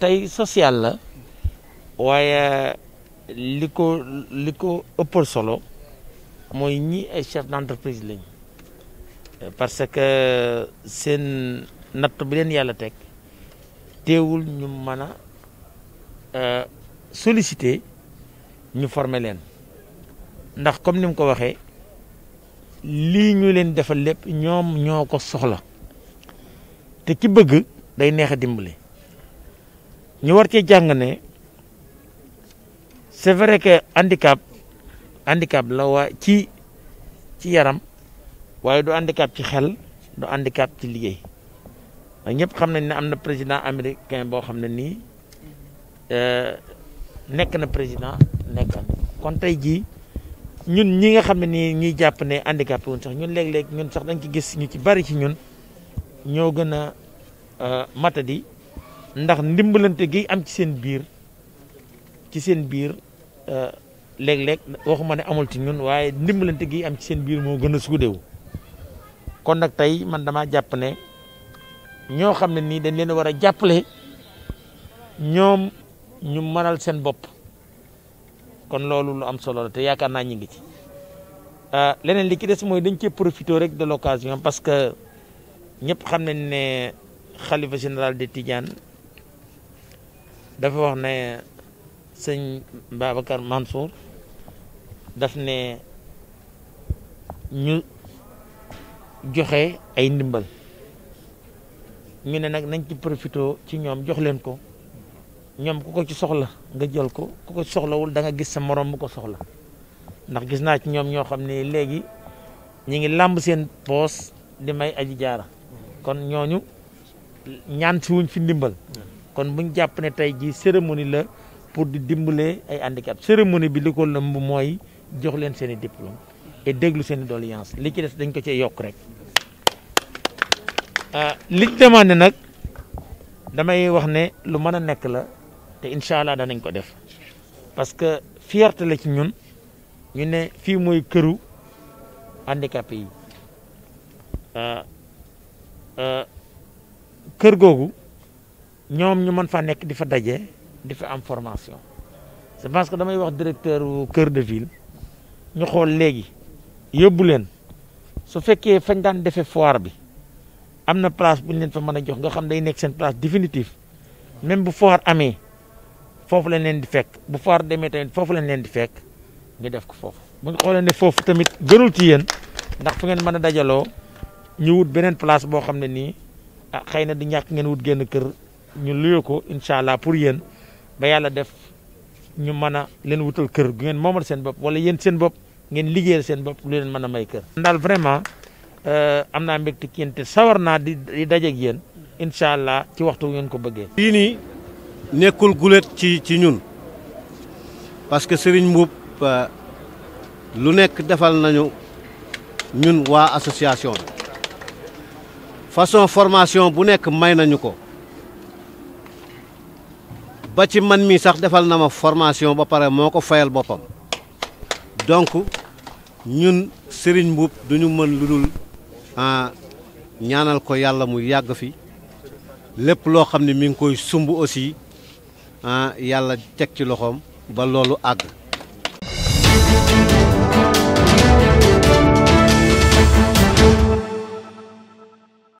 tey social la waaye li ko li ko ëppal solo mooy ñi ay chef d'entreprise lañ parce que seen natt bi leen yàlla teg teewul ñu mën a euh, solliciter ñu former leen ndax comme ni mu ko waxee lii ñu leen defal lépp ñoom ñoo ko soxla te ki bëgg day neex a dimbali ñu war cee jàng ne c'est vrai que handicap handicap la waa ci ci yaram waaye doo handicap ci xel du handicap ci liggéey ndax ñëpp xam nañ ne am na président américain boo xam ne nii euh, nekk na président nekk kon tey jii ñun ñi nga xam ne nii ñuy jàpp ne handicapé wuñ sax ñun léeg-léeg ñun sax dañ ki gis ñu ci bari ci ñun ñoo gën a euh, di ndax ndimbalante gi am ci seen biir ci seen biir euh, léeg-léeg ma ne amul ci ñun waaye ndimbalante gi am ci seen biir moo gën a suudewu kon nag tey man dama jàpp ne ñoo xam ne nii dañ leen war a jàppale ñoom ñu mënal seen bopp kon loolu lu am solo la te yaakaar naa ñu ngi ci euh, leneen li ci des mooy dañ cee profité rek de l'occasion parce que ñëpp xam nañ ne xalifa général de Tidiane dafa wax ne sëñ Babacar Mansour daf ne ñu joxe ay ndimbal ñu ne nak nañ ci profito ci ñom jox leen ko ñom ku ko ci soxla nga jël ko ku ko wul da nga gis sa morom ko soxla ndax gis na ci ñom ño xam legi ñi ngi lamb seen pos di may aji jaara kon ñoñu ñaan ci wuñ fi ndimbal kon buñ jàpp ne tey jii cérémonie la pour di dimbale ay handicap cérémonie bi li ko lëmb mooy jox leen seen i diplôme déglu seen i doléance li ci des dañ ko cee yokk rek euh, liñ demandé nag damay wax ne lu mën a nekk la te incha allah danañ ko def parce que fierté la ci ñun ñu ne fii mooy këru handicapé yi euh, euh, kër googu ñoom ñu mën fa nekk di fa daje di fa am formation je parce que damay wax directeur Cœur de Ville ñu xool léegi yóbbu leen su fekkee fañ daan defee foire bi am na place bu ñu leen fa mën a jox nga xam day nekk seen place définitive même bu foire amee foofu lañ leen di fekk bu foire demee tamit foofu lañ leen di fekk ñu def ko foofu. bu ñu xoolee ne foofu tamit gënul ci yéen ndax fu ngeen mën a dajaloo ñu wut beneen place boo xam ne nii ah xëy na du ñàkk ngeen wut génn kër. ñu luye ko incha allah pour yéen ba yàlla def ñu mën a leen wutal kër gu ngeen moomal seen bopp wala yéen seen bopp ngeen liggéeyal seen bopp lu leen mën a may kër. daal vraiment euh, am naa mbégte ci yéen te sawar naa di daje dajeeg yéen incha allah ci waxtu ngeen ko bëggee. lii nii nekkul gulet ci ci ñun parce que Serigne Mboup euh, lu nekk defal nañu ñun waa association bi façon formation bu nekk may nañu ko. ba ci man mii sax defal na ma formation ba pare moo ko fayal boppam donc ñun Serigne Mboup duñu mën lu dul ah, ñaanal ko yàlla mu yàgg fi lépp loo xam ne mi ngi koy sumb aussi ah, yàlla teg ci loxoom ba loolu àgg.